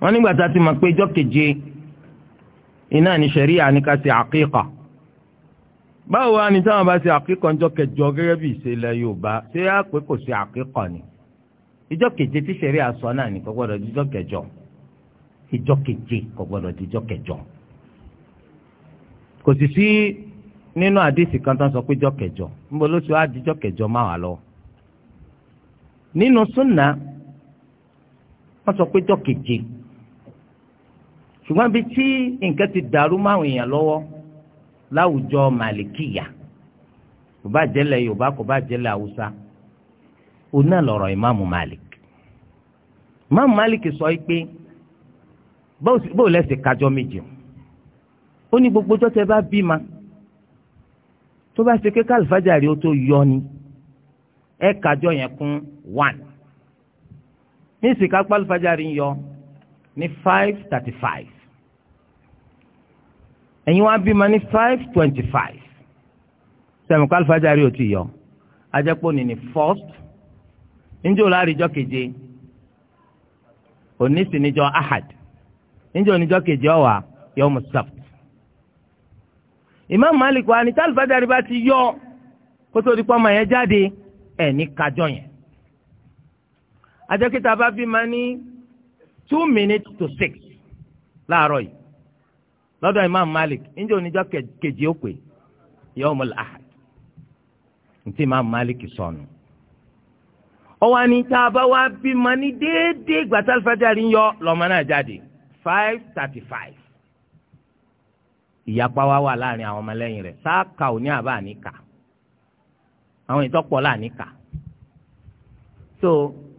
wọ́n nígbà tá a ti mọ̀ pé ijọ́ keje iná ní sẹ̀ríyà ní ká ṣe àkíkà báwo wá ní táwọn bá ṣe àkíkà ńjọ́ kẹjọ gẹ́gẹ́ bí ìṣẹ̀lẹ̀ Yorùbá ṣé á pé kò ṣe àkíkà ni ijọ́ keje tí sẹ̀ríyà sọ náà ní kò gbọ́dọ̀ di ijọ́ kẹjọ ijọ́ keje kò gbọ́dọ̀ di ijọ́ kẹjọ kò sì sí nínú àdìsí kan tó ń sọ pé ijọ́ kẹjọ níbo ló ti wá di ijọ́ kẹjọ máa wà lọ nínú súnà wọ́n sọ pé ijọ́ keje ṣùgbọ́n bí tí nǹkan ti dàrú máwọn èèyàn lọ́wọ́ láwùjọ màlìkìyà kò bá jẹ́lẹ̀ yorùbá kò bá jẹ́lẹ̀ haúsá òun náà lọ̀rọ̀ ìmáàmù malik ìmáàmù malik sọ pé bó lẹ́sẹ̀ kájọ méje ó ní gbogbo tó tẹ bá bímọ tó bá ṣe pé kálífàjárì ó tó yọ ni ẹ kájọ yẹn kún one ní ìsìnká kálífàjárì ń yọ ní five thirty five ẹ̀yin wá bímọ ní five twenty five sẹ́mi kó alifájárì ò ti yọ ajẹ́pọ̀ ní ní first níjẹ́ òun láàrin ìjọ keje òní sì níjọ ahad níjẹ́ òníjọ keje ọ̀wà yawmu sabt Imam Malik wa ni tí alifájárì bá ti yọ kótó di pọ́nmọ́ yẹn jáde ẹ̀ ní kájọ yẹn ajẹ́kítà bá bímọ ní two minutes to six láàárọ̀ yìí lọ́dọ̀ imam malik níjẹ́ oníjọ́ kejì ó pè yawmul ahad ntí imam malik sọnù. ọwọ́ ni tá a bá wá bímọ ní déédéé gbàtà alifájárì ń yọ lọ́mọ náà jáde five thirty five. ìyapa wa wà láàrin àwọn ọmọlẹ́yìn rẹ̀ sáàkà ò ní àbá àníkà àwọn ìtọ́pọ̀ láàníkà. so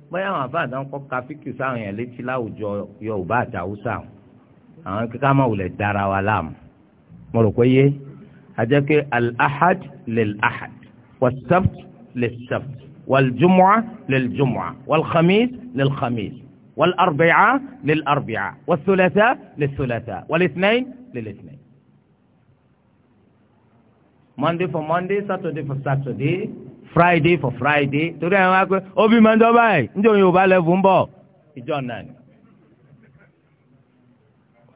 bóyá àwọn àbá àdánkọ́ ka fíkì sáwọn yẹn létí láwùjọ yorùbá àti haúsá àwọn kíkà máa wulẹ̀ dára wa láàmú mo rò pé yé ajẹ́ pé al-ahad lil-ahad was-sabt lil-sabt wal-jumu'a lil-jumu'a wal-khamis lil-khamis wal-arbi'a lil-arbi'a wal lil-thulatha wal-ithnayn lil-ithnayn. Monday for Monday, Saturday for Saturday, Friday for Friday. torí àwọn akpẹ́ obi máa ń dọ́ báyìí níjọ́ Yorùbá lẹ́fù ń bọ̀ ìjọ náà ni.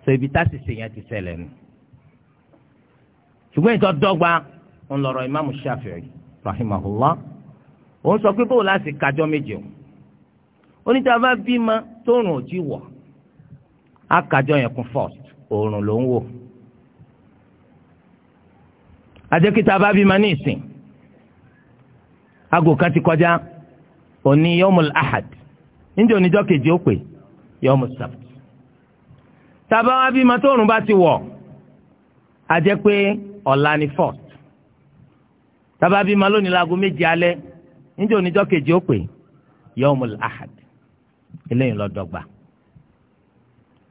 so ibi tásìsì yẹn ti sẹlẹ. nù ṣùgbọ́n ìtọ́ dọ́gba ń lọ́rọ̀ imaamu shafi'i rahimahullah òun sọ pé báwo láti kájọ́ méje o oníta bímọ tóorùn ò wọ̀ á kájọ́ yẹn kún first oòrùn ló ń wò àjẹkítà bá bímọ ní ìsìn aago kan ti kọjá òní yọmùl ahad níjẹ́ oníjọ́ kejì ó pè yọmùl tàbá wá bímọ tó bá ti wọ̀ a jẹ́ pé ọ̀la ni first tàbá bímọ lónìí láago méje alẹ́ níjẹ́ oníjọ́ kejì ó pè yawmul ahad eléyìí ló dọ́gba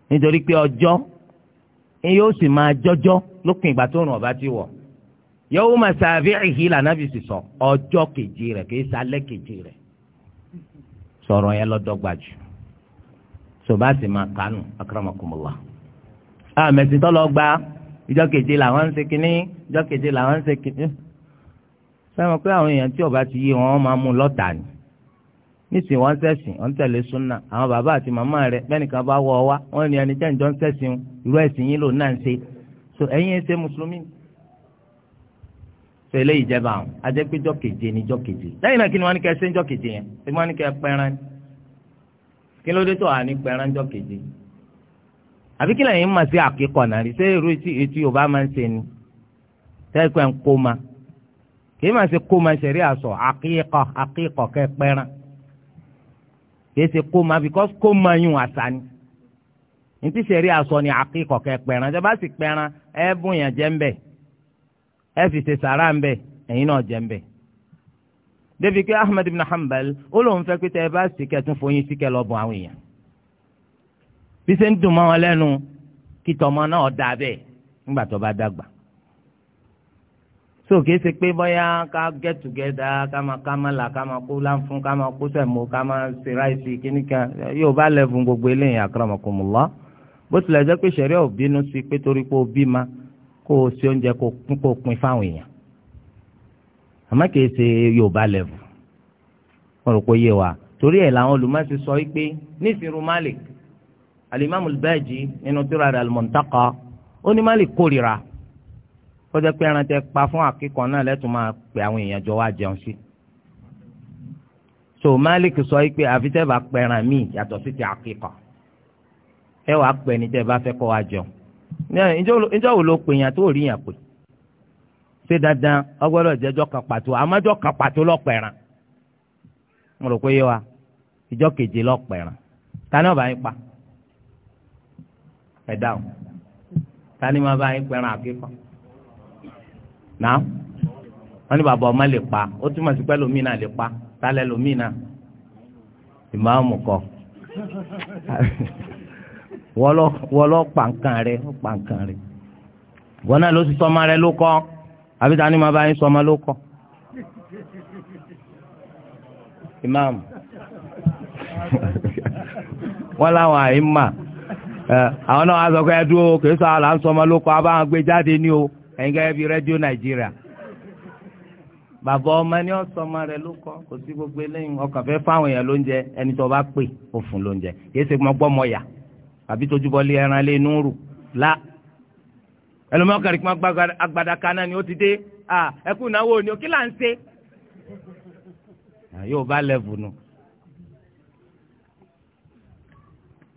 nítorí pé ọjọ́ yóò sì máa jọjọ́ lópin ìgbà tó ọba ti wọ̀ yawmu masabi'ihi lànàbì sì sọ sọba sì máa kánú akramakumullah. àmẹ̀sìn tọ́lọ gba ìjọ keje làwọn ń ṣe kínní ìjọ keje làwọn ń ṣe kínní. sẹ́wọ̀n pé àwọn èèyàn tí ọba ti yé wọn máa mú lọ́tà ni. nísìnyí wọ́n ń sẹ̀sìn wọ́n ń tẹ̀lé súnà àwọn bàbá àti màmá rẹ̀ bẹ́nìkan bá wọ wá wọ́n ní ẹni jẹ́njọ́ ń sẹ̀sìn irú ẹ̀sìn yín lòun náà ń ṣe. so ẹ̀yin ṣe mùsùlùmí. sọ eléyìí ni jọ́ keje lẹ́yìn náà kí ni wọ́n ní kẹ́ ṣe kí ló dé tó wà ní pẹ̀ránjọ́ keje àbí kí sí náà rí irú etí Yorùbá máa ń ṣe ni ń kó ma kì í máa ṣe kó ma ṣẹ̀rí àṣọ àkíkọ̀ àkíkọ̀ kẹ́ pẹ́ràn kì ma because kó ma yún àṣà ni ní ṣẹ̀rí àṣọ ni àkíkọ̀ kẹ́ pẹ́ràn ṣe bá sì pẹ́ràn ẹ bùn yàn jẹ́ ń bẹ̀ ẹ fi ṣe sàrà débi pé Ahmed ibn Hanbal ó lóun fẹ́ pé tẹ́ ẹ bá sìkẹ́ tún fọyín sìkẹ́ lọ bọ̀ àwọn èèyàn bí ṣe ń dùn mọ́ wọn lẹ́nu kí tọmọ náà dà bẹ́ẹ̀ nígbà tó bá dàgbà so kìí ṣe pé bóyá ká get together ká máa ká máa là ká máa kó láǹfún ká máa kó sẹ̀mó ká máa ṣe ráìsì kíní kan yóò bá lẹ́bùn gbogbo eléyìí akramakumullah bó tilẹ̀ jẹ́ pé ṣẹ̀ríà ò sí pé torí pé ó bí ma kó o ṣe oúnjẹ kó pín fáwọn èèyàn àmọ́ kìí ṣe yorùbá level wọn rò pé yé wa torí ẹ̀ làwọn olùmọ̀ọ́sí sọ wípé nísìrú malik alimami al-Baji nínú tírà rẹ̀ al ó ní malik kórìíra ó jẹ́ pé ẹran tẹ pa fún akíkọ náà lẹ́tùn máa pè àwọn èèyàn jọ wá jẹun sí so malik sọ wípé àfi tẹ́ bá pẹran míì yàtọ̀ sí ti akíkọ ẹ wàá pẹ ní tẹ́ bá fẹ́ kọ́ wá jẹun ìjọ wo ló pè yàn tó rí yàn pè ṣé dandan ọgbọ́dọ̀ jẹ́jọ́ kan pàtó àmọ́jọ́ kan pàtó lọ́pẹ̀ràn mo rò pé yé wa ìjọ keje lọ́pẹ̀ràn tani ọba yín pa ẹ dáhùn n'i ma bá yín pẹ̀ràn àkíkọ́ náà wọ́n ní bàbá ọmọ lè pa ó túmọ̀ sí lè pa ìmáàmù àbí tani ni màá bá yín sọ ọmọ ló kọ imam wọn láwọn àìmà àwọn náà wá sọ pé ẹ dúró kìí sọ àlà ń sọ ọmọ ló kọ abáwọn gbé jáde ní o ẹ̀yin gẹ́gẹ́ bí rédíò nàìjíríà bàbá ọmọ ni ọsọ ọmọ rẹ ló kọ kò sí gbogbo eléyìí ọkàn fẹ́ fáwọn èèyàn lóúnjẹ ẹni tó bá pè ó lóúnjẹ kìí ṣe mọ gbọmọ yà àbí tójúbọlé ẹran lé núrù lá ẹlòmíràn kàrí kí wọn agbada kaná ni ó ti dé ẹkú náwó ni ó kí là ń ṣe. yóò bá lẹ́bù nù